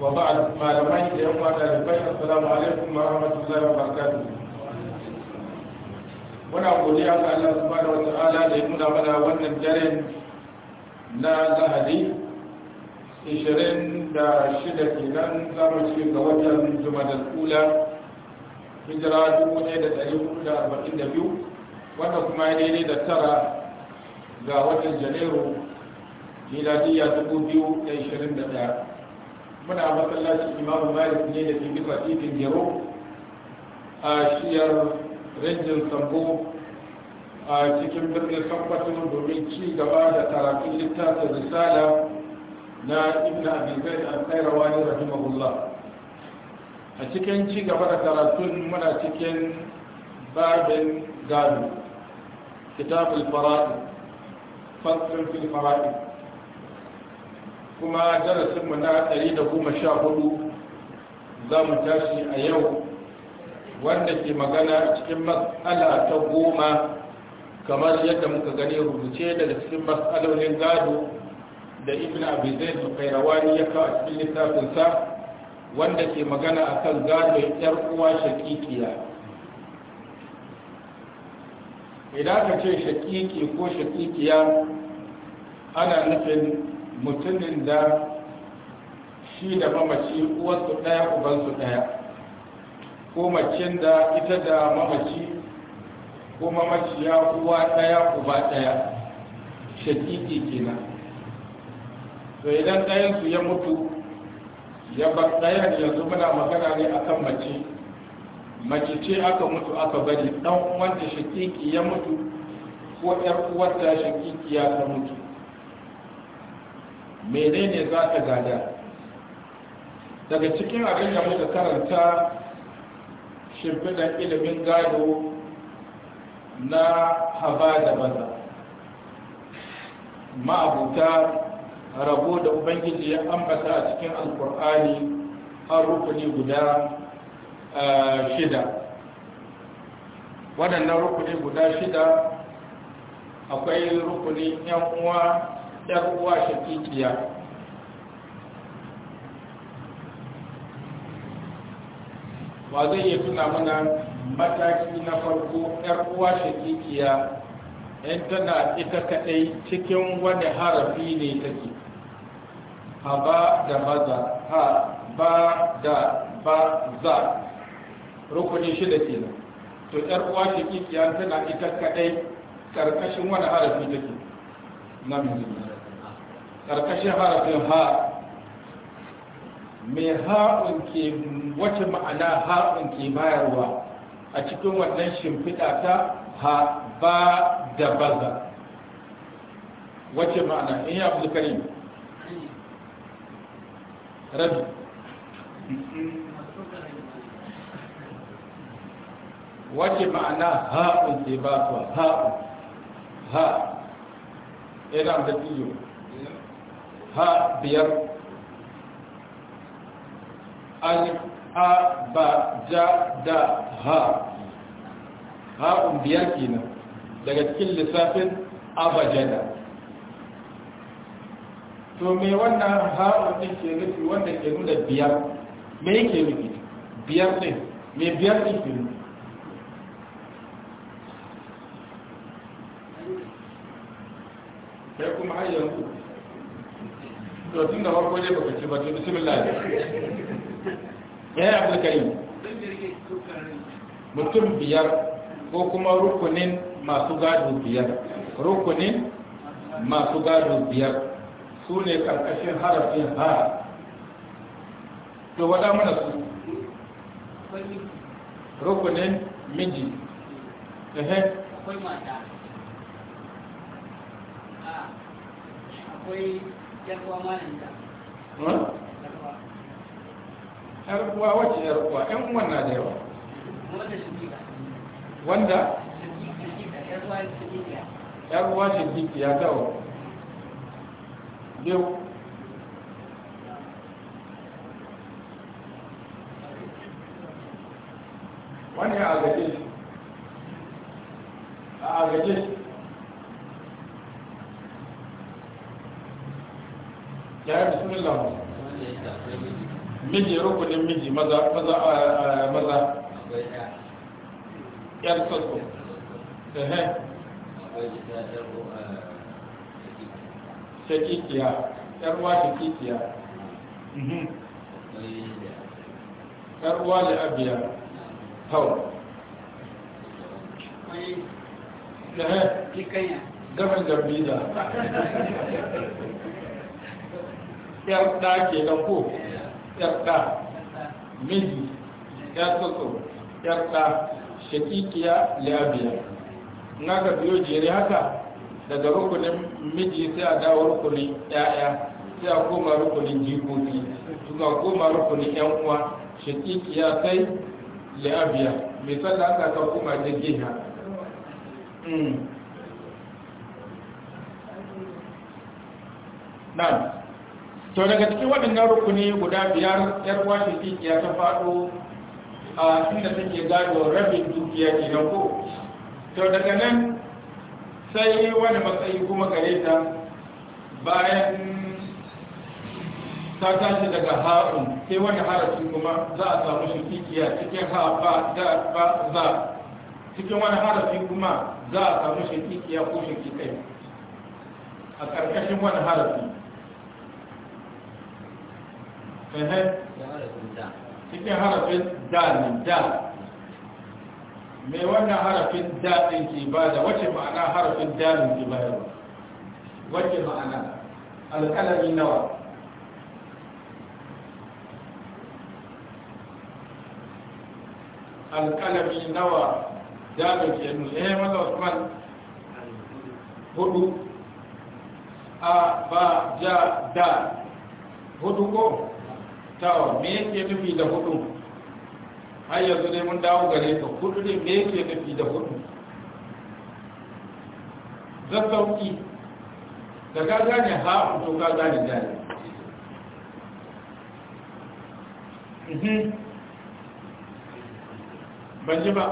wa ba'ad malamai da yan wada da bai assalamu alaikum muna godiya ga Allah subhanahu wa da ya nuna mana wannan daren na Lahadi 26 kenan za mu ci ga watan Jumadal Ula hijira 1442 wanda kuma ya daidai da tara ga watan janairu miladiyya 2021 muna masallaci imamu malik ne da ke nufa titin gero a shiyar rangin sambo a cikin birnin sambatin domin ci gaba da tarafin littafin risala na ibn abizai an tsairawa ne rahimahullah a cikin ci gaba da karatun muna cikin babin gado kitab al-fara'i fasalin fil fara'i kuma darasinmu na 114 za mu tashi a yau wanda ke magana cikin matsala ta goma kamar yadda muka gani rubuce daga cikin matsalolin gado da ibn abizai da kairawani ya kawo cikin littafinsa wanda ke magana a kan gado yar uwa shakikiya idan ka ce shakiki ko shakikiya ana nufin mutumin da shi da mamaci uwarsu ɗaya ubansu ɗaya ko macen da ita da mamaci ko mamaciya uwa ɗaya uba ɗaya shakiki kenan to idan ɗayansu ya mutu ya bar ɗayan yanzu muna magana ne akan mace mace ce aka mutu aka bari ɗan wanda shakiki ya mutu ko ƴar uwarta ya ta mutu menene za ta gada daga cikin abin da muka karanta shimfidan ilimin gado na haba da maza ma'abuta rabo da ubangiji ya ambata a cikin alkur'ani har rukuni guda shida waɗannan rukuni guda shida akwai rukunin yan uwa yar uwa shakikiya wa zai iya tuna mana mataki na farko yar uwa shakikiya in tana ita kaɗai cikin wani harafi ne take ba da maza ha ba da ba za rukuni shida nan to yar uwa shakikiya tana ita kaɗai ƙarƙashin wani harafi take na mijin karkashin harafin ha mai ha'un ke wace ma'ana ha'un ke bayarwa a cikin wannan shimfiɗa ta ha ba da baza wace ma'ana in yi abu karim rabi wace ma'ana ha'un ke ba su ha'un ha ina da tiyo ha biyar alif a ba ja da ha un biyar kenan daga cikin lissafin abajada to me wannan ha'un din ke nufi wanda ke nuna biyar me yake nufi biyar ne? me biyar din ke nufi sai kuma har yanzu to tun da farko dai baka ci ba to bismillah ya yi abu kai mutum biyar ko kuma rukunin masu gado biyar rukunin masu gado biyar su ne karkashin harafin ha to wada mana su rukunin miji ehe akwai mata akwai yarkuwa wacce yarkuwa yan uwan na da yawa wanda yarkuwa shirgiki ya dawo, biyu wani a gaje a gaje ya bismillah miji rukunin miji maza maza maza yar sassu ehe shakikiya yar uwa shakikiya yar uwa da abiya hau ehe gaban garbida yar ɗa ke da ko yar ɗa miji ya tsotso yar ɗa shakikiya labiya na ka biyo jere haka daga rukunin miji sai a dawo rukunin ya'ya sai a koma rukunin jikoki suka koma rukunin yan uwa shakikiya sai labiya mai sallah aka ta koma jirgin haka hmm. Na'am. to daga cikin waɗannan rukuni guda biyar yar wasu dukiya ta faɗo a inda take gado rabin dukiya ke da ko to daga nan sai wani matsayi kuma gare ta bayan ta tashi daga ha'un sai wani harafi kuma za a samu shi dukiya cikin ha ba da ba za cikin wani harafi kuma za a samu shi dukiya ko shi kai a ƙarƙashin wani harafi Fahim cikin harafin da ne da mai wannan harafin da ɗin ke ba da wace ma'ana harafin da ne ke bayarwa wace ma'ana alƙalami nawa alƙalami nawa da ne ke nuna ya yi maza usman hudu a ba ja da hudu ko tawa me yake nufi da hudu har yanzu ne mun dawo gare ka hudu ne me yake nufi da hudu zassauki da ka gane ha to ka gane ni mhm. ban ji ba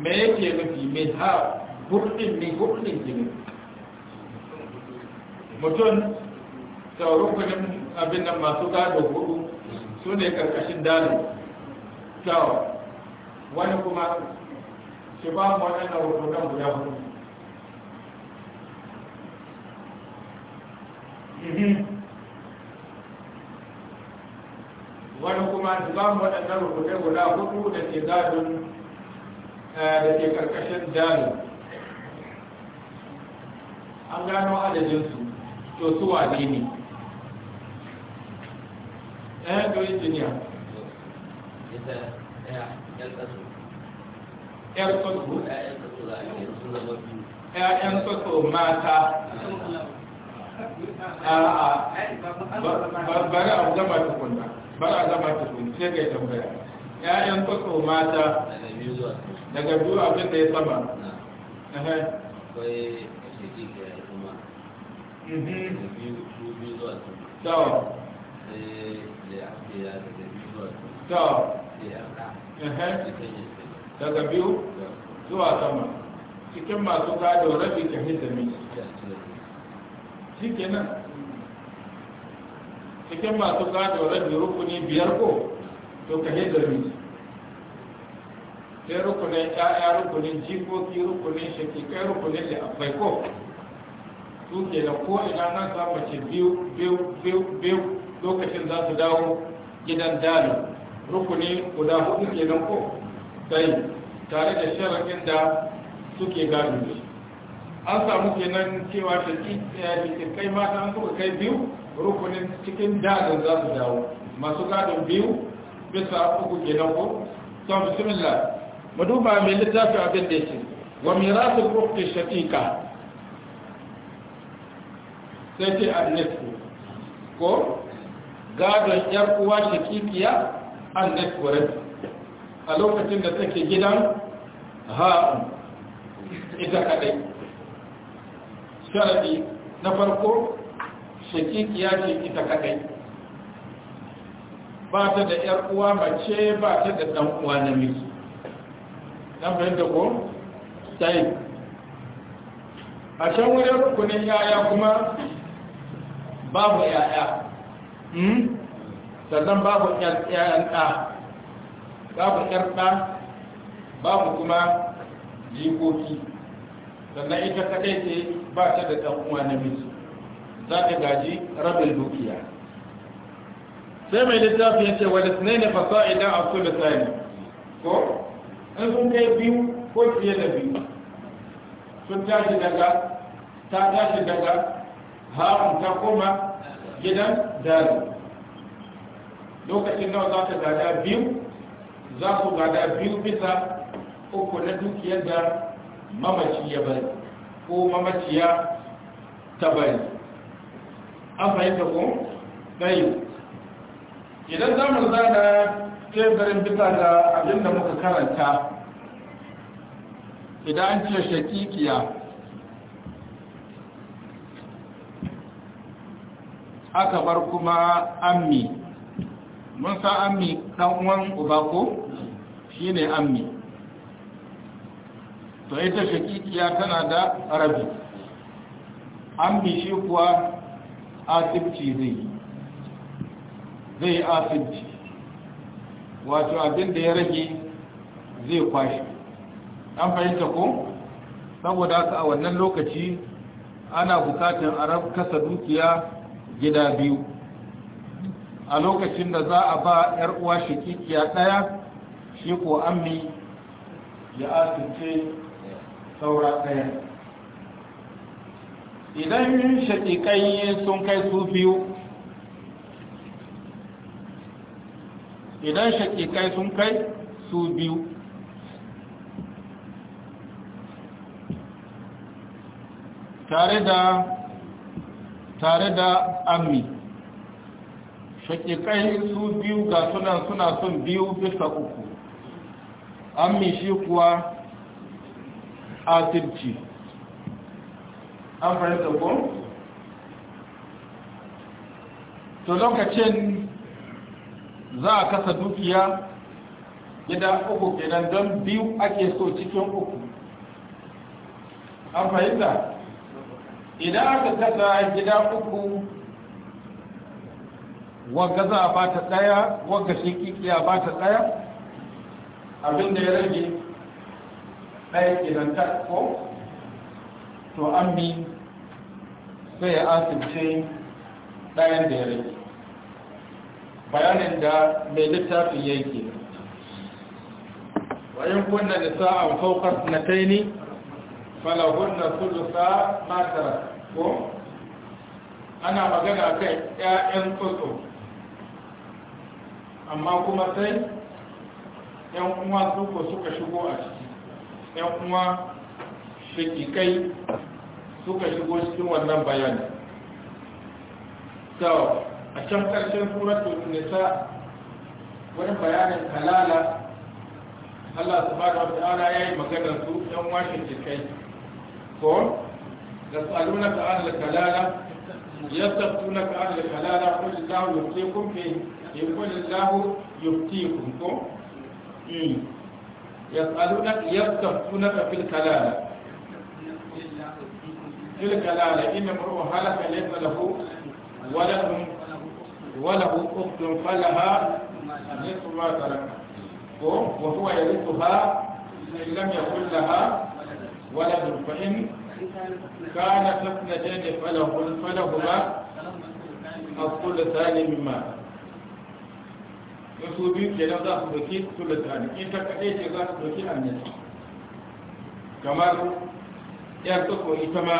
me yake nufi me ha hudu ne ke nufi mutum saurukunin abin nan masu gado hudu su ne karkashin dalil kyau wani kuma shi ba mu waɗannan rukunan guda hudu mhm. wani kuma shi ba mu waɗannan rukunan guda hudu da ke gadon eh, da ke karkashin dalil an gano adadinsu to su wane ne eh to injiniya ita ya yan soso mata bari a tukunna bari a zama tukunna sai ‘ya'yan soso mata daga biyu abin da ya saba a shekiki ya biyu zuwa sama daga biyu zuwa sama cikin masu gado rabi ka hidami shi kenan cikin masu gado rabi rukuni biyar ko to ka hidami sai rukunin ƴaƴa rukunin jikoki rukunin shakikai rukunin da akwai ko su ke da ko ina nan samu ce biyu biyu biyu biyu lokacin za su dawo gidan dali rukuni guda hudu kenan ko sai tare da sharaɗin da suke gano shi an samu kenan cewa eh, kai mata an kuma kai biyu rukunin cikin dalin za su dawo masu gadon biyu bisa uku kenan ko to bismillah mu duba mai littafin abin da yake wa mirasu ukhti shaqiqa sai ce a nisfu ko gadon yar uwa shakikiya an nekwarar a lokacin da take gidan ha'un ita kadai sharadi na farko shakikiya ce ita kadai ba ta da yar uwa mace ba ta da dan uwa namiji dan fahimta ko sai a can wurin kunin yaya kuma babu yaya Hmm? sannan babu ƴar'ƴan babu ƴar babu kuma jikoki sannan ita kaɗai ce ba ta da ɗan uwa miji za ta gaji rabin dukiya sai mai littafi ya ce wadda sinai ne fasa idan a su da sani ko in sun kai biyu ko fiye da biyu sun tashi daga ta tashi daga ha'un ta koma gidan dari lokacin nawa za ka gada biyu za ku gada biyu bisa uku na dukiyar da mamaci ya bari ko mamaciya ta bari an fahimta ko ɗayu idan za mu zana tebirin bisa da abinda muka karanta idan an ce shakikiya aka bar kuma ammi mun sa ammi uwan uba ko shi ne ammi to ita shakikiya tana da rabi ammi shi kuwa asibci zai zai asibci wato abin ya rage zai kwashi an fahimta ko saboda haka a wannan lokaci ana bukatun arab kasa dukiya gida biyu a lokacin da za a ba 'yar uwa shikikiya ɗaya shi ko ammi ya asince saura ɗaya idan shakikai sun kai su biyu idan shakikai sun kai su biyu tare da tare da ammi shakikai su biyu ga sunan suna son biyu bisa uku ammi shi kuwa asirci an fahimta ko? to lokacin za a kasa dukiya gida uku kenan don biyu ake so cikin uku an fahimta? idan aka kasa a gida uku wagga za a bata daya wagga kiki a bata daya abinda ya rage daya idan ta ko to an bi sai ya asibce dayan da ya rage bayanin da mai littafin yake wayan kunna da sa'a faukas na kai ne falahunna sulusa matara ko ana magana kai ƴaƴan tsotso amma kuma sai ƴan uwa suko suka shigo a ciki ƴan uwa kai suka shigo cikin wannan bayani so a can ƙarshen suratul nisa wani bayanin kalala Allah subhanahu wa ta'ala yayi magana su ƴan uwa shikikai فور يسألونك عن الكلالة يسألونك عن الكلالة قل الله يبتيكم فيه يقول الله يبتيكم فور إيه. يسألونك يسألونك في الكلالة في الكلالة إن مروا هلك ليس له ولد وله أخت فلها نصف ما ترك وهو يرثها إن لم يكن لها ولد فإن كانت اثنتين فله فلهما الثلثان مما in su biyu kenan za su doki sulatani in ta kaɗai ce za su doki annata kamar yar tsoko ita ma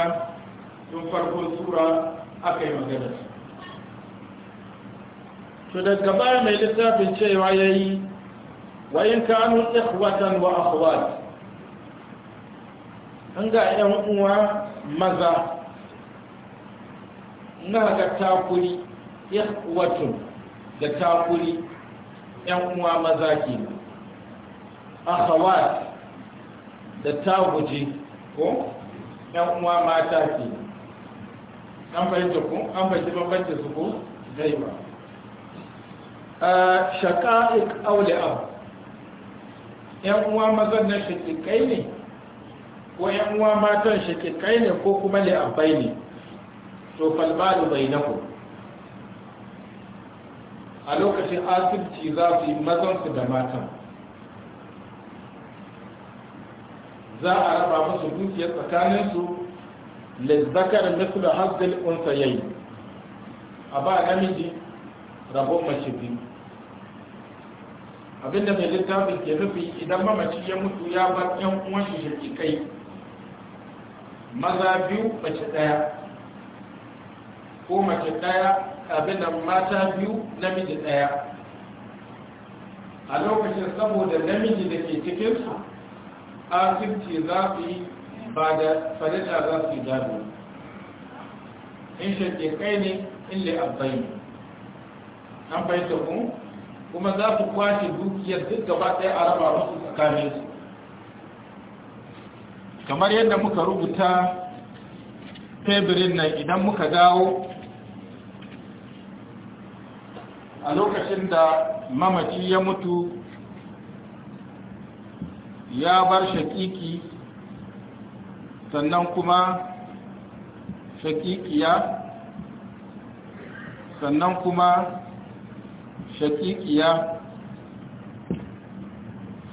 tun farko sura aka yi magana to daga baya mai littafin cewa ya yi wayin kanu ikhwatan wa akhwat an ga ɗan uwa maza na ga takuri ya watun da takuri ɗan uwa maza ke akhawat da taguji ko ɗan uwa mata ke an fahimta ku an fahimta bambanta su ko a shakaik aule abu ɗan uwa maza na kai ne ko yan uwa matan kai ne ko kuma bai ne to falbalu bai naku a lokacin asibiti za su yi mazan su da matan za a raba musu dukiyar tsakaninsu lizzakar mislu hazzil unsa yayi a ba namiji rabon mace biyu abinda mai littafin ke nufi idan mamaci ya mutu ya bar yan uwan shi kai. maza biyu mace ɗaya ko mace ɗaya abin da mata biyu namiji ɗaya a lokacin saboda namiji da ke cikinsu asibci za su yi ba da farita za su yi gado in shakke kai ne in le abbayi an fahimta ku kuma za su kwashe dukiyar duk gaba ɗaya a raba musu tsakaninsu kamar yadda muka rubuta tebirin nan idan muka dawo a lokacin da mamaci ya mutu ya bar shakiki sannan kuma shakikiya sannan kuma shakikiya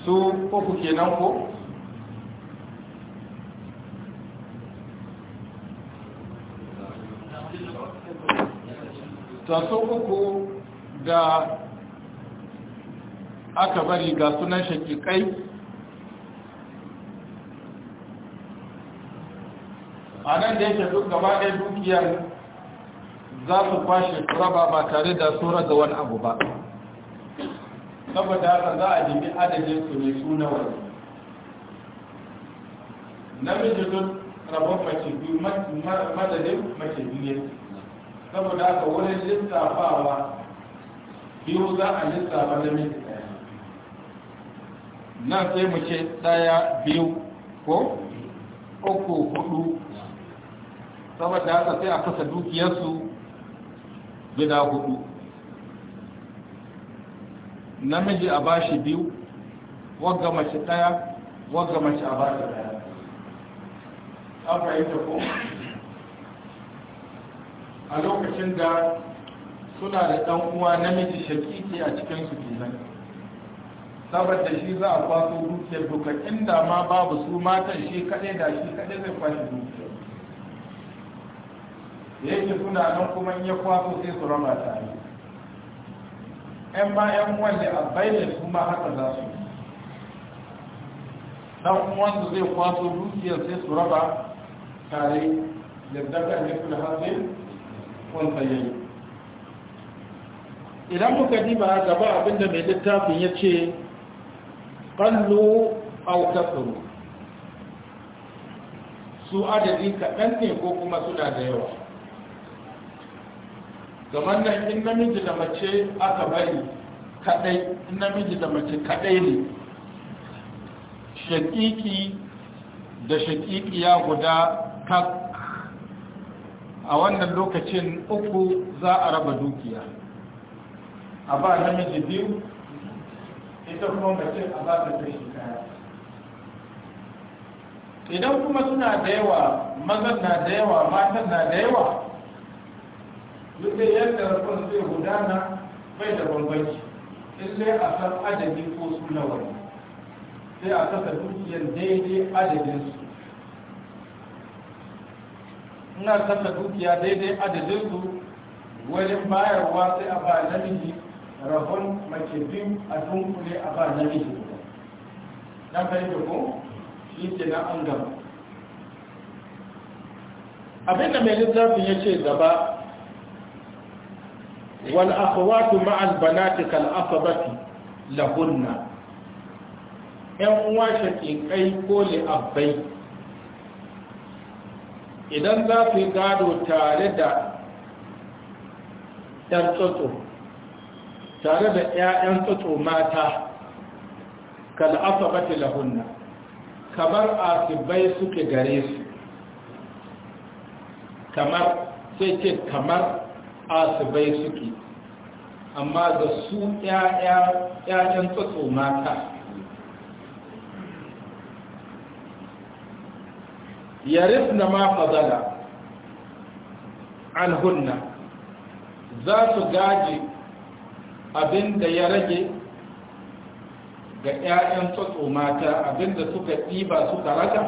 su uku kenan ko taso uku da aka bari ga sunan shakikai a nan da yake duk gaba ɗaya dukiyar za su kwashe raba ba tare da tsora ga wani abu ba saboda haka za a jimi adadin su mai suna wani namiji duk rabon mace biyu madadin mace biyu saboda haka wurin lissafawa biyu za a lissafa namiji ɗaya na sai mu ce ɗaya biyu ko uku hudu saboda haka sai a kasa dukiyarsu gida hudu namiji a ba shi biyu wagga mace ɗaya wagga mace a ba ɗaya daya fahimta ko a lokacin da suna da ɗan uwa namiji shakiki a cikin su kenan saboda shi za a kwaso dukiyar duka inda ma babu su matan shi kaɗai da shi kaɗai zai kwashe dukiyar da yake suna nan kuma ya kwaso sai su raba tare ‘yan bayan wanda a bayyana su ma haka za su dan wanda zai kwaso dukiyar sai su raba tare yadda kan da kulhasin wanda idan muka diba gaba abinda mai littafin ya ce kallo aukatsuru su adadi kaɗan ne ko kuma suna da yawa kamar nan in namiji da mace aka bari kaɗai in namiji da mace kaɗai ne Shaƙiƙi da shaƙiƙiya guda kak a wannan lokacin uku za a raba dukiya a ba namiji biyu ita kuma mace a ba ta kai kaya idan kuma suna da yawa mazan na da yawa matan na da yawa duk da yadda rafin zai gudana bai da bambanci in sai a san adadi ko su nawa sai a kasa dukiyar daidai adadinsu ina san dukiya daidai adadin su wajen bayarwa sai a ba namiji rahon mace biyu a kule a ba namiji na fahimta ko shi ke na an gaba abinda mai littafin ya ce gaba wal akhawatu ma'al banati kal asabati lahunna yan uwa shaqiqai ko li abbai idan za ku yi gado tare da ‘yan tsotso tare da ‘ya'yan tsotso mata kal'afa bata lahunna kamar a bai suke gare su kamar sai ce kamar a bai suke amma da su ‘ya'yan tsotso mata yarifna ma fadala an hunna za su gaji abin da ya rage ga 'ya'yan tsotso mata abin da suka ɗiba suka raka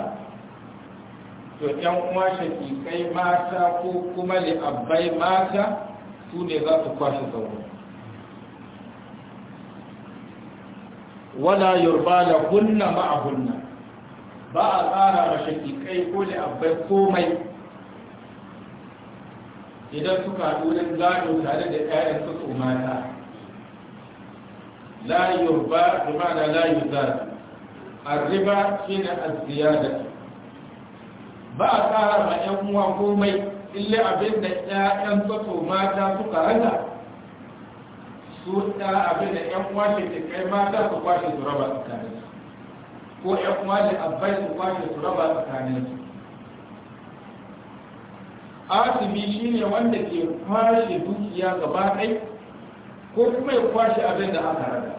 to 'yan uwa shaƙiƙai mata ko kuma li'abbai mata su ne za su kwashe sauran wala yurba da hunna ma'a hunna ba a tsara ma shakikai ko abai komai idan suka haɗu nan gado tare da ƴaƴan su su mata la yurba layu ma'ana la yuzar arriba shine az-ziyada ba a tsara ma ƴan uwa komai illa abin da ƴaƴan su su mata suka raga su ta abin da ƴan uwa ke kai mata su kwashe su raba tsakanin ko ya kuma a bai su kwashe su raba tsakanin su asibi ne wanda ke kwashe dukiya gaba ɗai ko kuma ya kwashe abin da aka rada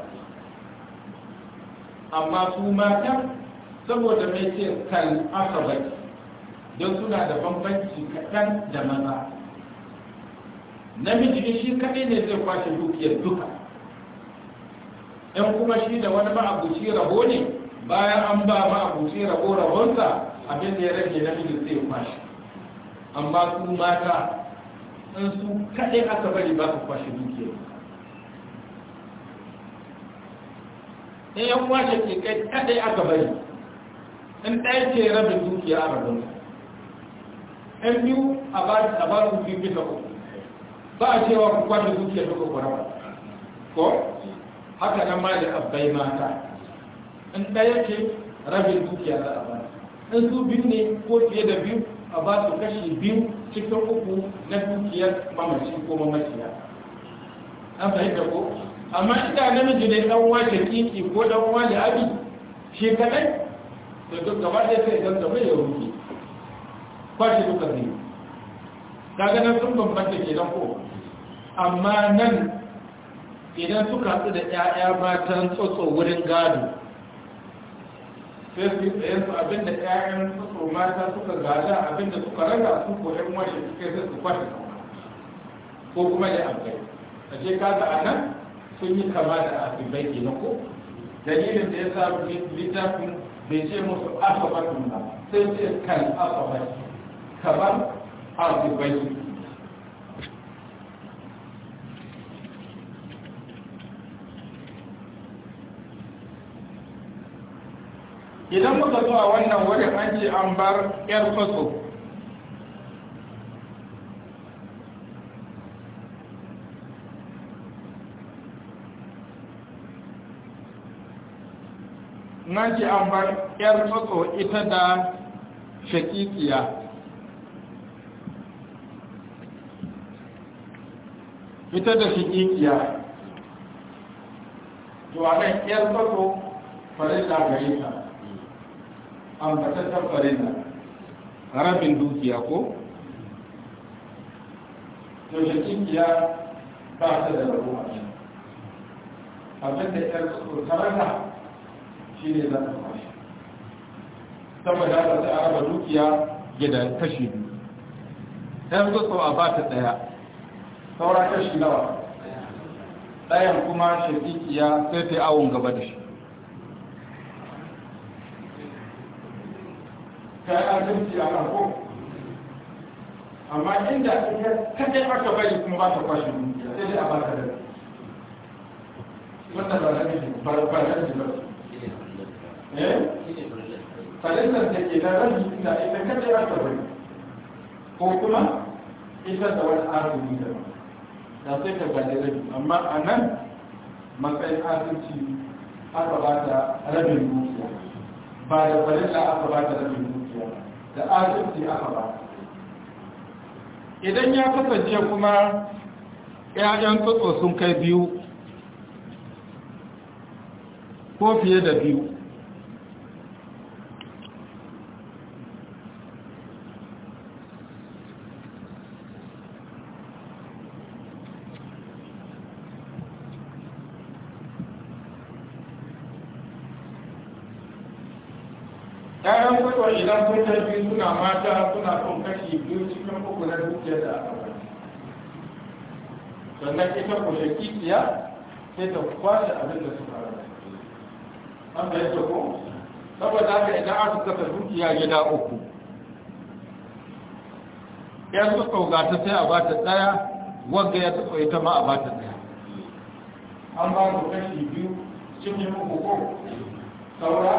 amma su mata saboda mai ce kan asabai don suna da bambanci kaɗan da maza namiji ne shi kaɗai ne zai kwashe dukiyar duka ɗan kuma shi da wani ma'abuci rabo ne bayan an ba ma abuci rabo rabonsa abin da ya rage sai zai kwashe amma su mata in su kaɗai aka bari ba su kwashe dukiyar in ya kwashe ke kai kaɗai aka bari in ɗaya ce rabin dukiya a rabon in biyu a ba su biyu bisa uku ba a cewa ku kwashe dukiyar duka ku ko haka nan ma da abbai mata in ɗaya ce rabin dukiya za a ba in su biyu ne ko fiye da biyu a ba su kashi biyu cikin uku na dukiyar mamaci ko mamaciya an fahimta ko amma ita namiji ne dan uwa da kiki ko dan uwa da abi shi kadai to duk gaba da sai dan da mai ya ba shi duka zai kaga nan sun bambanta ke dan ko amma nan idan suka haɗu da 'ya'ya matan tsotso wurin gado sai su yi tsayen su abinda ƴaƴan su mata suka gada abinda suka raga su ko ƴan washe suka sai su kwashe ko kuma ya amfani a ce kaga a nan sun yi kama da asibai ke ko dalilin da ya sa littafin bai ce musu asabatun ba sai ce kan asabai kamar asibai idan muka zo a wannan wurin an ce an bar yar kwaso nan ce an bar yar kwaso ita da shakikiya ita da shakikiya to a nan yar kwaso farilla gare ta ambatattar farilla rabin dukiya ko yaushe cikiya ba ta da rabu a shi abin da yar tsotararra shi ne za ta kwashe saboda ta ta araba dukiya gida kashi biyu ɗan a ba ta ɗaya saura kashi nawa ɗayan kuma shakikiya sai ta awon gaba da shi zalunci a kan ko amma inda ita kadai aka bari kuma ba ta kwashe dukiya sai dai a ba ta da wannan ba zai ji ba ba zai ji ba eh farillar da ke da rabi inda ita kadai aka bai. ko kuma ita da wani arziki da da sai ka gaji rabi amma a nan matsayin arziki aka ba ta rabin dukiya ba da farilla aka ba ta rabin dukiya da adalci aka ba idan ya kasance kuma 'ya'yan tsotso sun kai biyu ko fiye da biyu suna mata suna son kashi biyu cikin uku na dukiyar da aka bari sannan ita ko shakikiya sai ta kwashe abin da suka rana an da yadda ko saboda haka idan aka kasa dukiya gida uku ya suka wugata sai a bata ɗaya wanda ya suka ita ma a bata ɗaya an ba mu kashi biyu cikin uku ko saura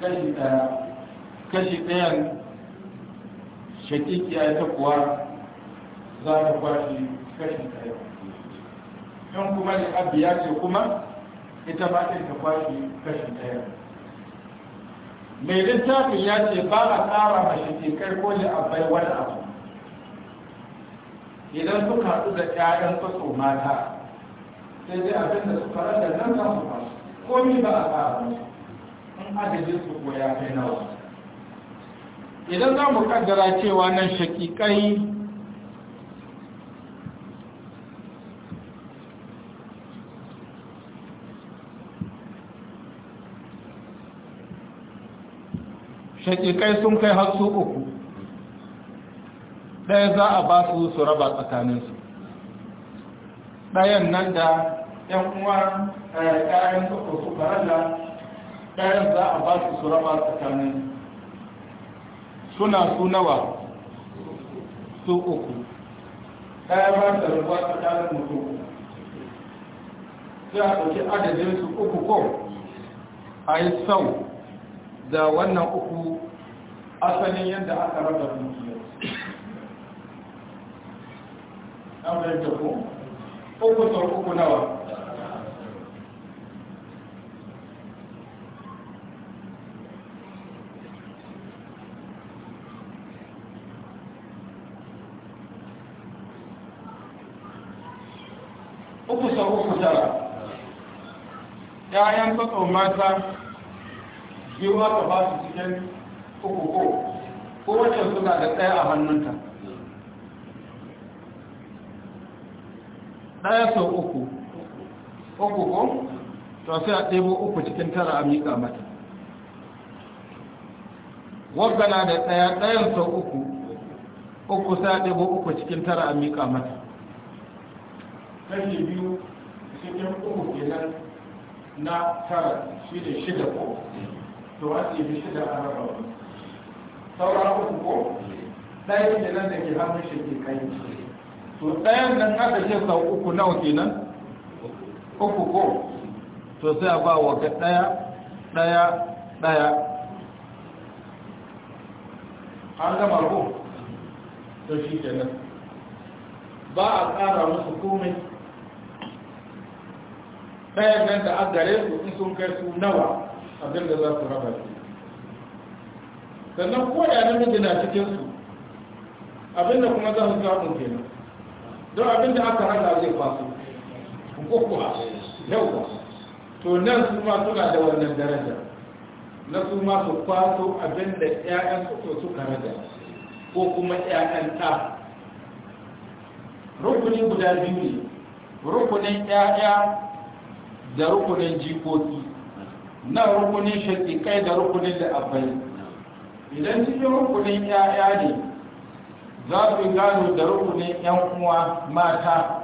kashi ɗaya kashi ɗayan shakikiya ita kuwa za ta kwashi kashi ɗaya in kuma da ya ce kuma ita ba ɗin ta kwashi kashi ɗaya mai littafin ya ce ba a tsara ma shakikai ko da abai wani abu idan suka haɗu da ƴaƴan tsotso mata sai dai abin da suka rada nan za su ko komi ba a tsara in adadin su koya kai nawa idan za mu kaddara cewa nan shakikai shakikai sun kai har su uku ɗaya za a ba su su raba tsakaninsu ɗayan nan da ‘yan uwa ƙayan eh, suka su rada ɗayan za a ba su su raba tsakaninsu suna su nawa su uku ɗaya ba ta ruwa tsakanin mutum sai a ɗauki adadin su uku ko a yi sau da wannan uku asalin yadda aka raba ɗan an ta ko uku sau uku nawa ‘ya'yan tsotso mata biyu aka ba su cikin kukuku ko wacce suna da ɗaya a hannunta ɗaya sau uku uku ko to sai a ɗebo uku cikin tara a miƙa mata na da ɗaya ɗayan sau uku uku sai a ɗebo uku cikin tara a miƙa mata kashi biyu cikin uku kenan na tara shi ne shida ko to an ɗebi shida a raba wani saura uku ko ɗaya ke nan da ke hannun shi ke kai to ɗayan nan aka ce sau uku nawa kenan uku ko to sai a ba wa ga ɗaya ɗaya ɗaya an gama ko to shi nan ba a ƙara musu komai ɗayan nan da an gare su in sun kai su nawa abin da za su raba su sannan ko da namiji na cikin su abin da kuma za su samu kenan don abin da aka raba zai kwaso kukuwa yauwa to nan su ma suna da wannan daraja na su ma su faso abin da ƴaƴan su suka raja ko kuma ƴaƴan ta rukunin guda biyu ne rukunin ƴaƴa. da rukunin jikoki na rukunin shakikai da rukunin da abai idan cikin rukunin ya'ya ne za su gano da rukunin yan uwa mata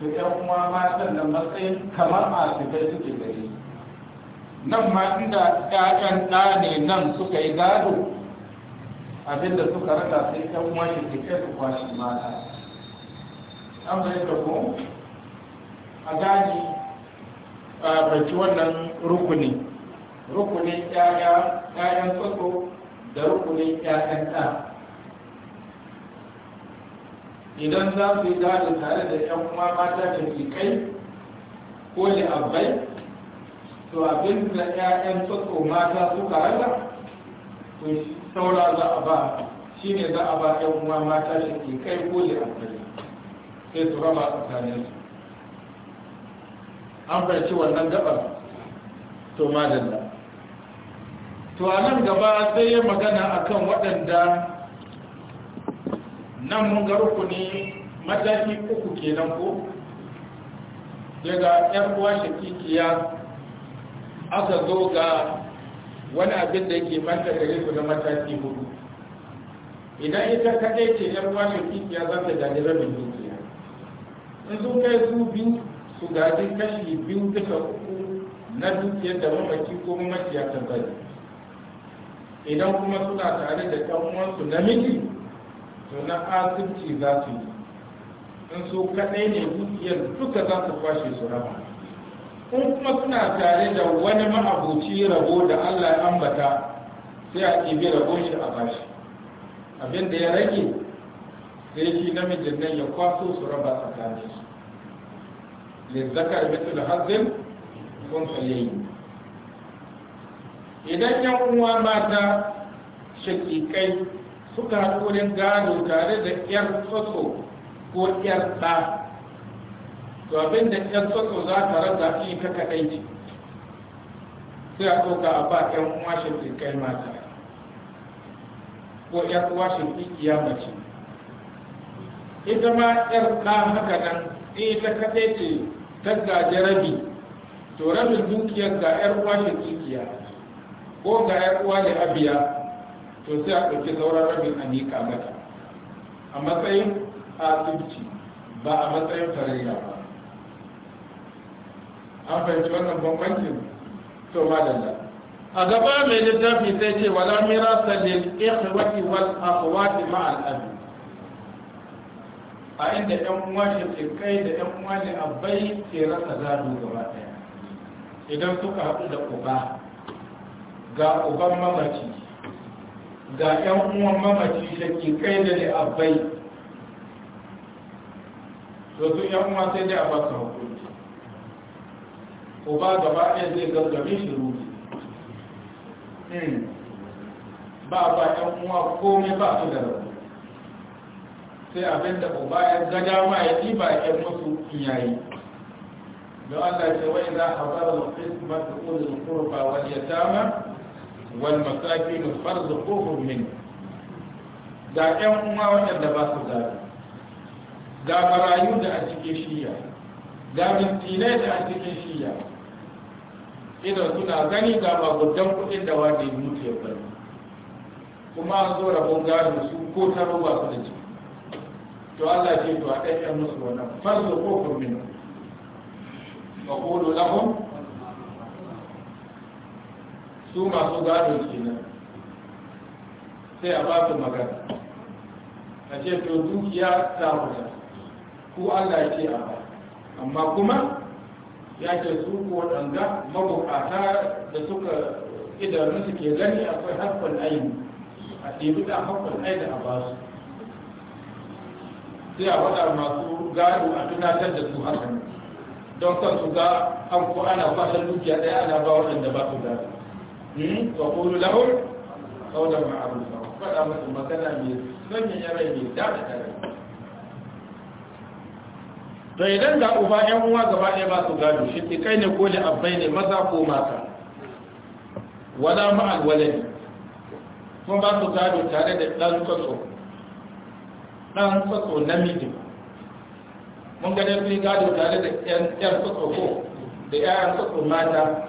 to yan uwa mata da matsayin kamar masu kai suke gari nan ma inda ƴaƴan ɗa ne nan suka yi gado abinda suka raka sai yan uwa shakikai su kwashe mata an bai ko a gani ɗauki wannan rukuni rukunin ƴaƴan tsoko da rukunin ƴaƴan ɗa idan za su yi zaɗin tare da 'yan uwa mata da kai ko da abai to abin da ƴaƴan tsoko mata suka rasa to saura za a ba shi ne za a ba 'yan uwa mata da kai ko da abai sai su raba tsakaninsu an fahimci wannan gabar to madalla to a nan gaba sai ya magana akan waɗanda nan mun ga rukuni mataki uku kenan ko daga yan uwa shakikiya aka zo ga wani abin da yake manta gare su na mataki hudu idan ita kaɗai ce yan uwa shakikiya za ta gani rabin dukiya in sun kai su biyu su gaji kashi biyu duka uku na dukiyar da mamaki ko mamaki ta bari idan kuma suna tare da ɗan'uwansu namiji to na asibci za su yi in su kaɗai ne dukiyar duka za su kwashe su rama in kuma suna tare da wani ma'abuci rabo da allah ya ambata sai a ɗibi rabon shi a bashi abinda ya rage sai shi namijin nan ya kwaso su raba su lizzakar bitul hazin sun tsayayi idan yan uwa mata shakikai suka haɗu wurin gado tare da yar soso ko yar ɗa to abin da yar soso za ta rasa shi ta kaɗai ce sai a ɗauka a ba yan uwa shakikai mata ko yar uwa shakikiya mace ita ma yar ɗa haka nan ita kaɗai ce ta gaji rabi to rabin dukiyar ga yar uwa shi dukiya ko ga yar uwa ne abiya to sai a ɗauki sauran rabin a miƙa mata a matsayin asibiti ba a matsayin tarayya ba an fahimci wannan bambancin to ma da a gaba mai littafi sai ce wala mira lil ikhwati wal akhwati al abi a inda ɗan uwa ke kai da ɗan uwa ne a bai ke rasa gado gaba ɗaya idan suka haɗu da uba ga uban mamaci ga ɗan uwan mamaci ke kai da ne bai to su ɗan uwa sai dai a ba su hukunci uba gaba ɗaya zai gaggame shi rufi hmm. ba ba ɗan uwa komai ba su da rabu sai abin da uba ya ga dama ya ba ya musu in yayi don Allah ce wai za a fara da kismat ya qurba wal yatama wal masakin farzuquhum min da ƴan uwa waɗanda ba su zabi ga barayu da a cikin shiya ga mintinai da a cikin shiya idan suna gani ga magudan kuɗin da wani mutu ya bari kuma an zo rabon gari su ko taro ba su da ciki to Allah ce to a ɗanyen musu wannan farzo ko kurmin ba kodo lahun su masu gado nan sai a ba magana a ce to dukiya ta wuta ku Allah ce a ba amma kuma ya ce su ko waɗanga mabukata da suka idanunsu ke gani akwai haƙƙon aini a ɗebi da haƙƙon aini a basu sai a wata masu gado a tunatar da su haka don kan su ga an ko ana fashin dukiya ɗaya ana ba waɗanda ba su gado hmm? wa kulu lahur kaunar ma'arufa faɗa masu magana mai sanyin yarai mai daɗa ɗaya to idan da uba yan uwa gaba ɗaya ba su gado shi kai ne ko da abai ne maza ko mata wala ma'al walad kuma ba su gado tare da ɗan tsotso ɗan tsatso namiji mun gane fi gado tare da ƴan tsatso ko da ƴaƴan tsatso mata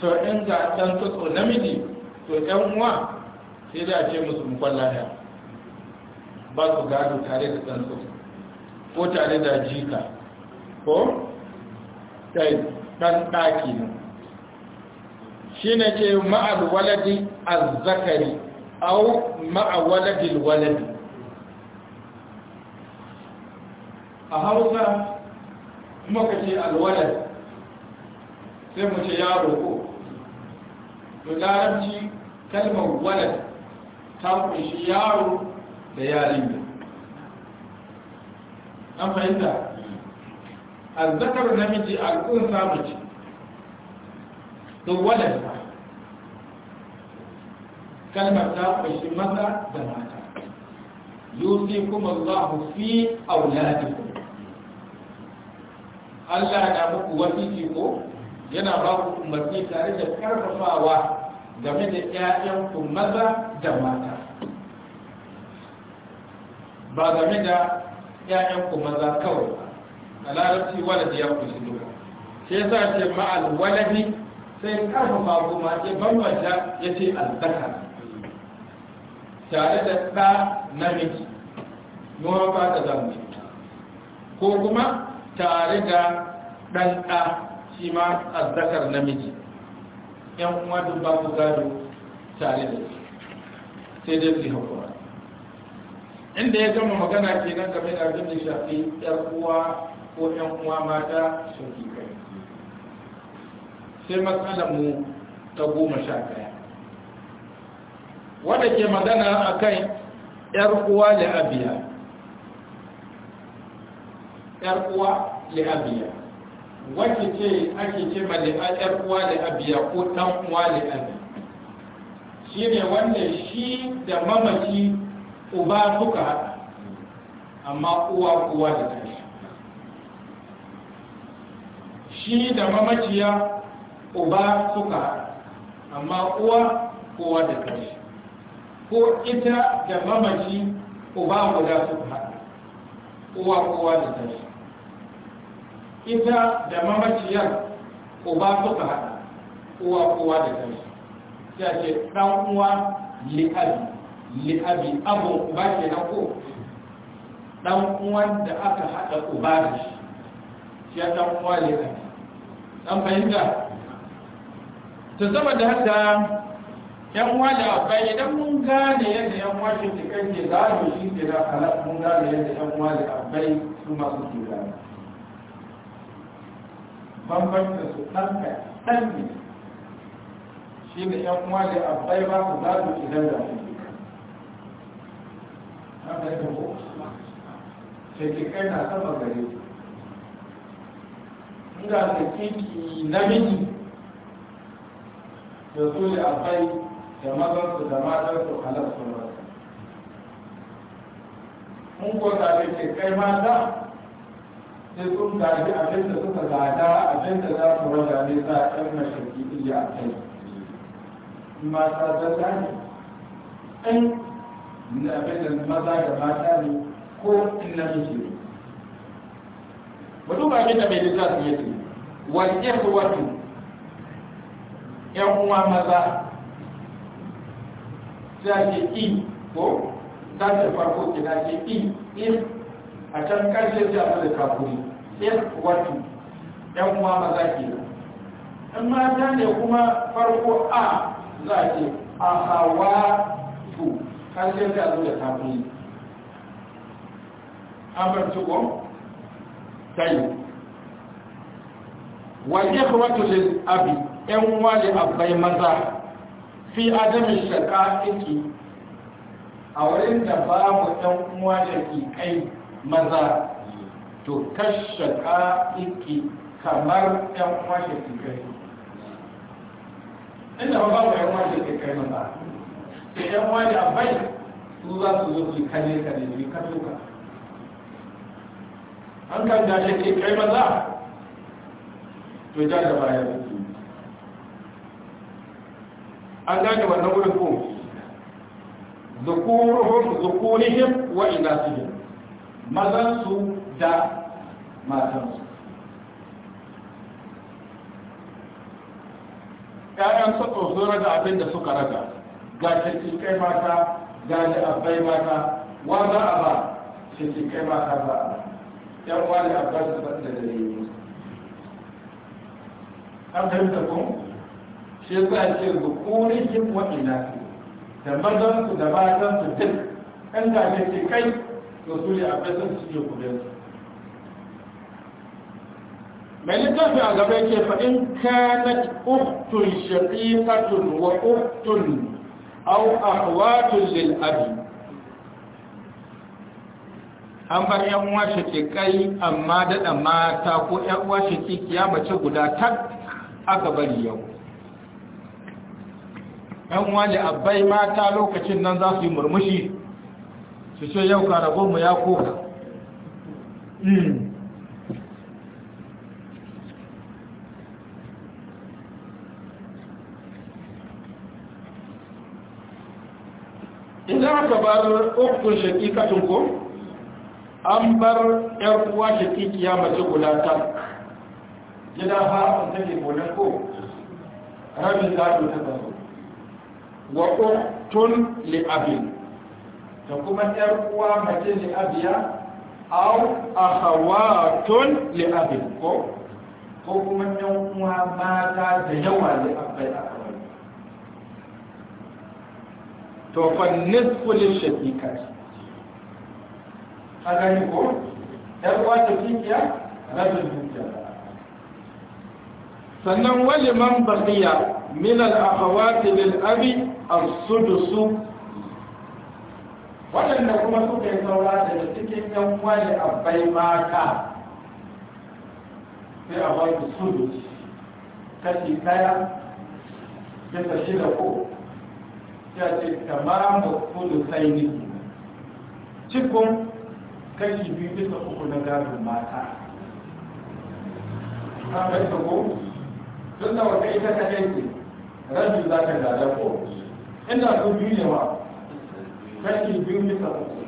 to in ga ɗan tsatso namiji to ƴan uwa sai da ce musu mukwan ya ba su gado tare da ɗan tsatso ko tare da jika ko ɗan ɗaki ne shi ne ce ma'al waladi zakari au ma'a waladi waladi a hausa muka ce alwalar sai mu ce yaro ko to larabci kalmar walad ta kunshi yaro da yarinya an fahimta azzakar namiji al'unsa mace to walad ba kalmar ta kunshi maza da mata yusi kuma za fi auladikum Allah na muku wasiki ko yana ba ku umarni tare da karfafawa game da 'ya'yanku maza da mata ba game da 'ya'yanku maza kawai ba larabci waladi ya shi duka sai sa ce ma'al waladi sai karfafa kuma ya bambanta ya ce alzaka tare da ɗa namiji noma ba ta zamani ko kuma tare da ɗan ɗa shi ma azzakar namiji yan kuma duk ba ku gado tare da shi sai dai su haƙura inda ya gama magana nan game da abin da shafi yar uwa ko yan uwa mata su kai sai matsalar mu ta goma sha ɗaya wanda ke magana a kai yar uwa da abiya yar uwa li'abiya wacce ce ake ce ma yar uwa li'abiya ko dan uwa li'abi shi ne wanda shi da mamaci uba suka haɗa amma uwa uwa da tashi shi da mamaciya uba suka haɗa amma uwa kowa da tashi ko ita da mamaci uba guda suka haɗa uwa kowa da tashi ita da mamaciyar uba suka haɗa uwa kowa da shi sai ce ɗan uwa li'abi li'abi abu uba ke na ko ɗan uwa da aka haɗa uba da shi shi ya ɗan uwa li'abi ɗan fahimta ta zama da haka yan uwa da abai idan mun gane yadda yan uwa shi ke kan ke gano shi ke da alaƙa mun gane yadda yan uwa da abai su masu ke gano bambanta su ɗanka ɗan ne shi da ‘yan uwa da abai ba su gado idan da su an da ta ko kai na sama gare su inda da kiki namiji da su da abai da mazansu da su halar su rasa mun ko da kai mata sai sun gaji abin da suka gada abin da za su raja ne za a ɗan mashirki iya a kai mata da zane ɗan na abin da maza da mata ne ko in na miji ne wadu ba abin da mai da za su yi ce wal ihwatu yan uwa maza za ke i ko za ta farko ki da ke i in a can karshe sai a da kafuri Yan ikhwatu yan uwa maza ke in mata ne kuma farko a za a ce a hawa tu karshen da zo da kafin an barci ko tayi wa ikhwatu lil abi yan uwa li abai maza fi adamin shaqa'iqi a wurin da ba mu yan uwa da ke kai maza to kashe ka'iki kamar yan kwashe kai inda ba ba yan kwashe kai ba sai yan wani abai su za su zo su kare ka ne ne ka tuka an kan da shi ke kai maza to ja da baya an gane wannan wurin ko zukuruhum zukurihim wa inasihim mazan su da matansu ‘ya'yan sako sun raga abin da suka raga ga kai mata ga abai mata wa za a ba cikin kai mata za a ba ‘yan wani abba su ba da dare yi an fahimta kun shi za a ce zukurin yin su da mazan su da su duk ‘yan ga kai to su ne abin da suke kudinsu mai littafi a gaba yake fa'in kana uktun shaƙiƙatun wa uktun au akwatun lil'abi an bar yan uwa kai amma daɗa mata ko yan uwa shaƙiƙiya mace guda tak aka bari yau yan uwa abai mata lokacin nan za su yi murmushi su ce yau mu ya koka hmm. idan aka bar ukun shakikatun ko an bar yar uwa shakikiya mace guda ta gida ha an take gonan ko rabin gado ta zaro wa uktun li abin da kuma yar uwa mace li abiya aw akhawatun li abin ko ko kuma yan uwa mata da yawa li abai to fa nisfu lil shaqiqati a gani ko yar uwa shaqiqiya rabin dukiya sannan wali man baqiya min al akhawat lil abi al sudus waɗanda kuma suka yi saura da cikin yan wani abai mata sai a wani su sudus kashi ɗaya bisa shida ko ya ce tamamu kulusai ne cikin kashi biyu bisa uku na gado mata ta bai ko tun da wata ita ta yanke rajin za ta gada ko inda su biyu ne kashi biyu bisa uku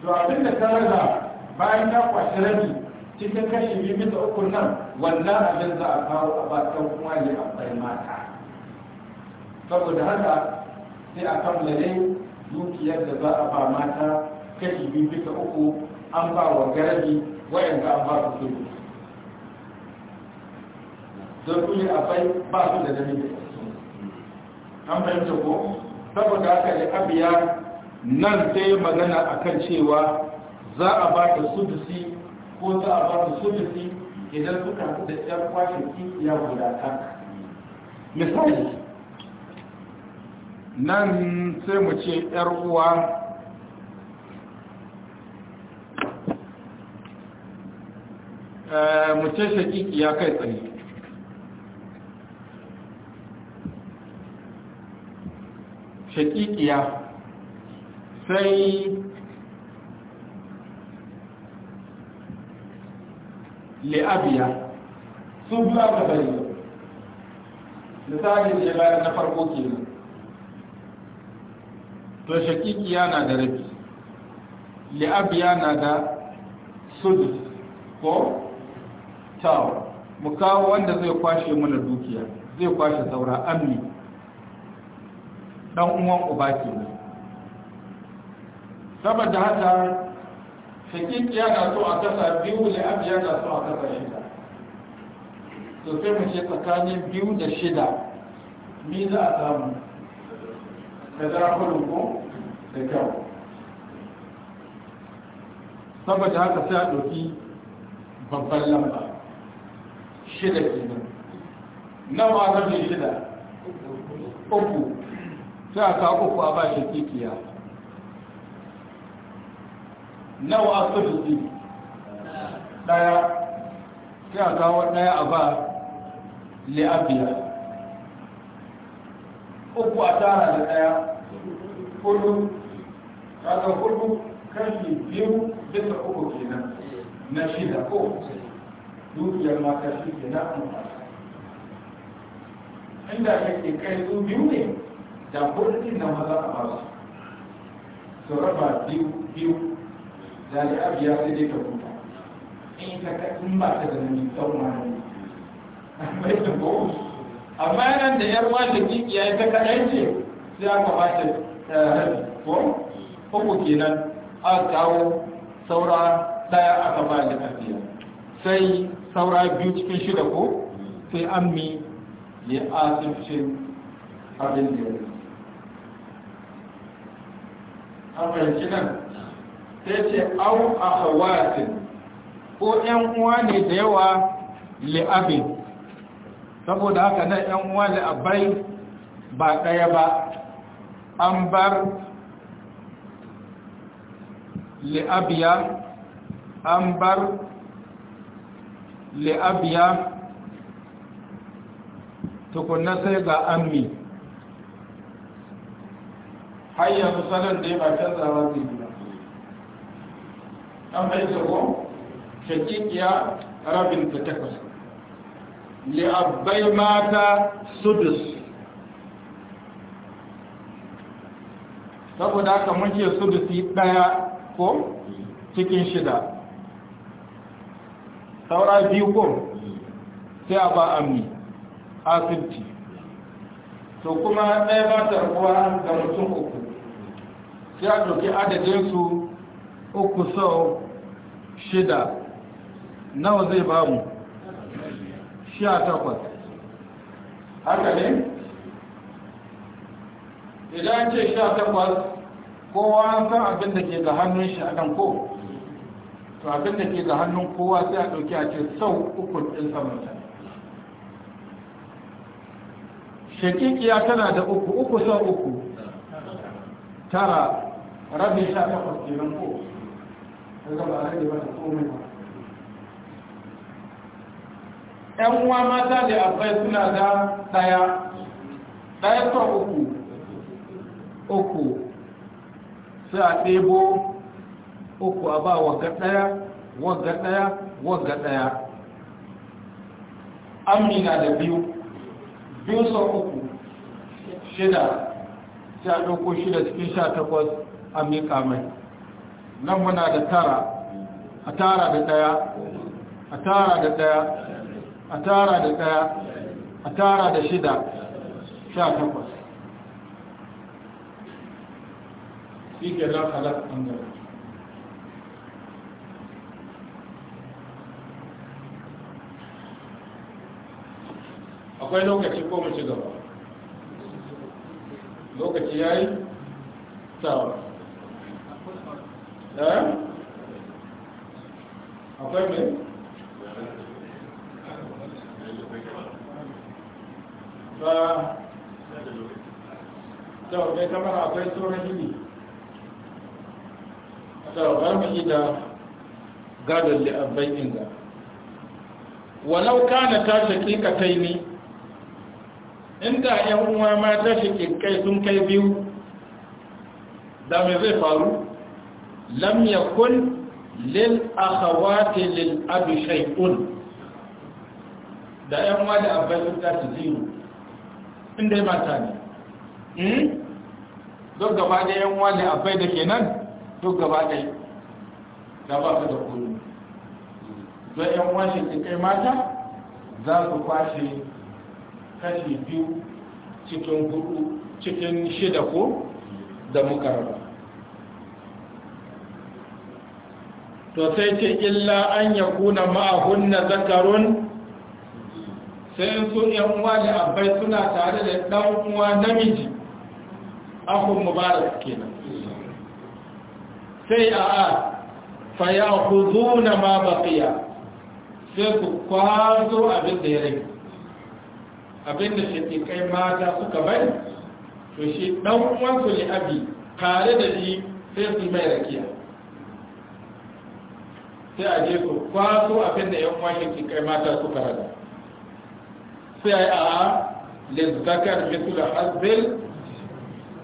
to abin da ta raga bayan ta kwashi rabi cikin kashi biyu bisa uku nan wannan abin za a kawo a ba ta kuma ne a bai mata saboda haka sai a kammala dai dukiyar da za a ba mata kashi biyu bisa uku an ba wa garabi wayanda an ba su sai don kuma bai ba su da namiji an fahimta ko saboda haka da abiya nan sai magana a kan cewa za a ba da sudusi ko za a ba da sudusi idan suka da ƴan kwashe kikiya guda ta misali nan sai mu ce ‘yar uwa eh, mu ce shakiki ya kai tsaye shakikiya sai li'abiya sun ba da bayi da tsarin jela na farko kenan to shakiki na da rabi li'abiya na da sud ko taw mu kawo wanda zai kwashe mana dukiya zai kwashe saura amni dan uwan uba ke ne saboda haka shakiki na so a kasa biyu li'abiya na so a kasa shida to sai mu ce tsakanin biyu da shida ni za a samu da za kudu ko da kyau saboda haka sai a ɗauki babban lamba shida kenan nawa na mai shida uku sai a kawo uku a ba shi kikiya nawa a sulusi ɗaya sai a kawo ɗaya a ba li'abiya uku a tara da ɗaya kudu kaga hudu kashi biyu bisa uku kenan na shida ko dukiyar mata shi ke na amfani inda kake kai su biyu ne da hudu na maza a basu su raba biyu biyu da da abiya sai dai ta huta in ka ka in ba ta da nemi tsawon wani bai da ko amma yanan da yar ya yi ta kaɗai ce sai aka ba ta eh, rabi ko uku kenan a kawo saura daya aka ba da tafiya sai saura biyu cikin shida ko sai an mi ya asirce abin da ya an fahimci nan sai ce au a hawatin ko yan uwa ne da yawa li'abin saboda haka nan yan uwa li'abai ba ɗaya ba an bar li'abiya an li'abiya tukunna ga ammi har yanzu sanar da ya ba canzawa zai biya an bai zago shakikiya rabin ta takwas li'abbai mata sudus saboda haka muke sudusi ɗaya ko cikin shida saura biyu ko sai a ba amni asibiti to kuma ɗaya ba ta ruwa ga mutum uku sai a ɗauki adadinsu uku sau shida nawa zai ba mu sha takwas haka ne idan ce sha takwas kowa an san abin da ke ga hannun shi a ko to abin da ke ga hannun kowa sai a ɗauki a ce sau uku ɗin samanta shakikiya tana da uku uku sau uku tara rabin sha takwas kenan ko ta zama a rage mata komai ba ‘yan uwa mata da abai suna da ɗaya ɗaya sau uku uku sai a ɗebo uku a ba wagga ɗaya wagga ɗaya wagga ɗaya amina da biyu biyu sau uku shida sai a ɗauko shida cikin sha takwas a miƙa mai nan muna da tara a tara da ɗaya a tara da ɗaya a tara da ɗaya a tara da shida sha takwas shi ke za a lafi an gaba akwai lokaci ko mace gaba lokaci ya yi tawa ɗaya eh? akwai mai ba ta wajen kamar akwai tsoron gini to ba mu gadon da gadon li'abbai inda walau kana ta shakika kai ne inda yan uwa mata shakikai sun kai biyu da me zai faru lam yakun lil akhawati lil abi shay'un da yan uwa da abbai sun tashi biyu inda mata ne hmm Don gaba da yan uwa da abbai da kenan duk gaba ɗai ta ba su da kunu don yan washe su kai mata za su kwashe kashi biyu cikin hudu cikin shida ko da muka raba to sai ce illa an ya kuna ma'ahunna zakarun sai su yan uwa da abai suna tare da ɗan uwa namiji akwai mubarak kenan faya fa ya'khuduna ma baqiya sai ku kwazo abin da ya rai abin da kai mata suka bai to shi dan uwansu ne abi tare da shi sai su mai rakiya sai a je ku kwazo abin da yan uwan kai mata suka raga sai a a lizzakar mitul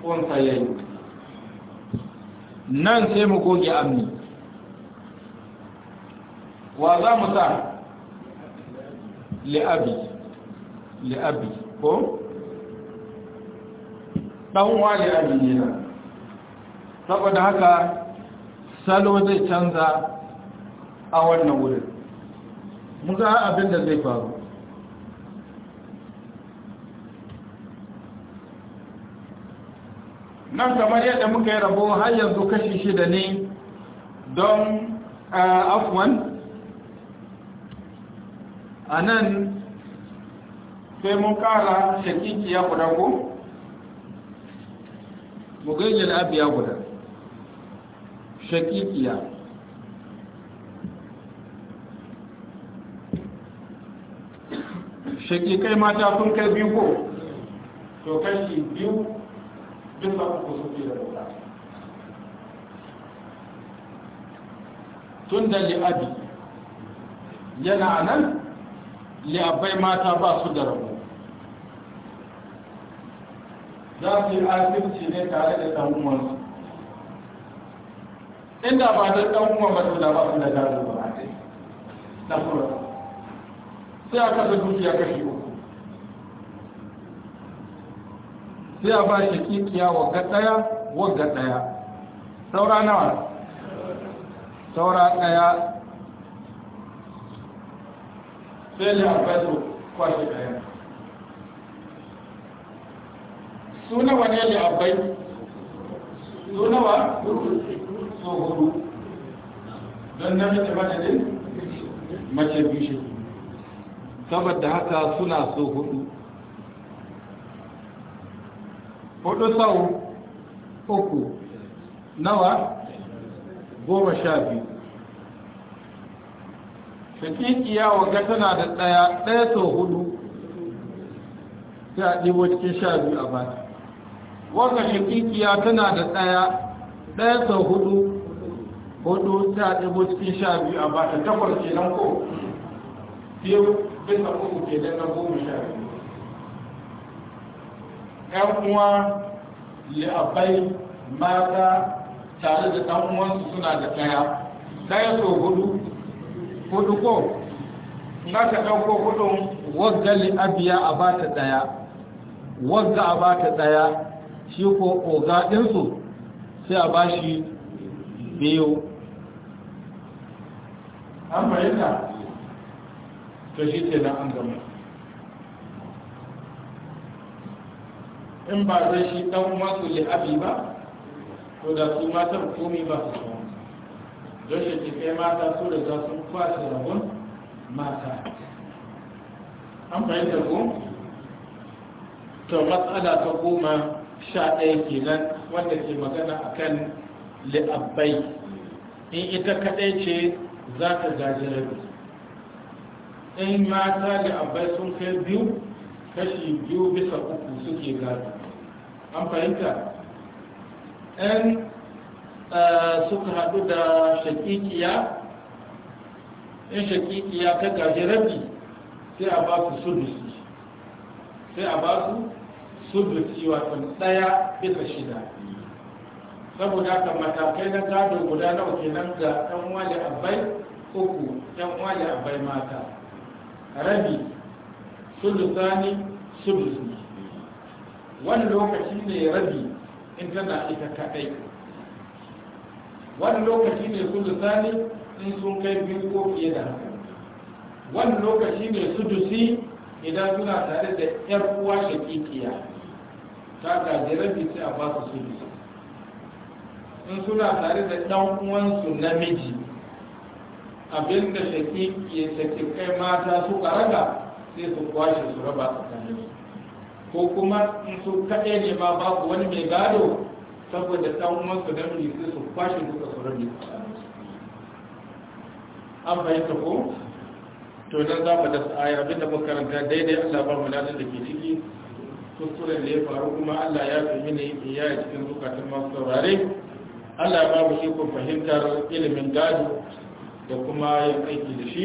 kun sayayi nan sai mu goge amni wa za mu sa li'abi li'abi ko ɗanwa li'abi ne na saboda haka salo zai canza a wannan wurin mu ga abin da zai faru nan kamar yadda muka yi rabo har yanzu kashi shida ne don afwan a nan sai mun kara ya guda ko abu ya guda ya shakikai mata sun kai biyu ko to kashi biyu duk za ku kusa fiye da bukata tun da li'abi yana nan li'abai mata ba su da rabo za su yi asirci ne tare da su. inda ba da ba su da ba su da gado ba na kura sai aka zai dukiya kashi uku sai a ba kikiya wagga ɗaya wagga ɗaya saura nawa saura ɗaya sai li'abbasu kwashe ɗaya su nawa ne li'abbai su nawa so hudu don namiji mace ne mace biyu saboda haka suna so hudu hudu sau uku nawa goma sha biyu shakikiya waga tana da ɗaya ɗaya sau hudu sai a ɗibo cikin sha biyu a bata waga shakikiya tana da ɗaya ɗaya sau hudu hudu sai a ɗibo cikin sha biyu a bata takwas nan ko biyu bisa uku ke na goma sha biyu 'yan uwa bai mata tare da ɗan uwan suna da ɗaya ɗaya so hudu hudu ko na ka ɗauko hudun wadda li'abiya a ba ta ɗaya wadda a ba ta ɗaya shi ko oga ɗinsu sai a ba shi biyu an fahimta to shi ce na an gama in ba zai shi ɗan uwansu li abi ba to da su matan komi ba su ba don shi kai mata su da za su kwashe rabon mata an fahimta ko to matsala ta goma sha ɗaya kenan wanda ke magana a kan li'abbai in ita kaɗai ce za ta gaji rabi in mata li'abbai sun kai biyu kashi biyu bisa uku suke gado an fahimta ɗan eh, suka haɗu da shakikiya in shakikiya ta gaji rabi sai a ba su sudusi sai a ba su sudusi wato ɗaya bisa shida saboda ka matakai na gado guda nawa kenan ga ɗan wale abai uku ɗan wale abai mata rabi sulusani sudusi wani lokaci ne rabi in tana ita kaɗai wani lokaci ne sulusani in sun kai biyu ko fiye da haka wani lokaci ne dusi idan suna tare da yar uwa shakikiya ta gaji rabi sai a basu su dusi in suna tare da ɗan uwansu namiji abinda shakikiya shakikai mata su ƙaraga sai su kwashe su raba tsakaninsu ko kuma in su kaɗe ne ma babu wani mai gado saboda ɗan su don risu su kwashe duka su rabi an fahimta ko to nan za mu dasa ayar abin da makaranta daidai allah ba mu ladan da ke ciki kuskuren da ya faru kuma allah ya fi mini ya yi cikin zukatun masu saurare allah ya ba mu shi fahimtar ilimin gado da kuma yin aiki da shi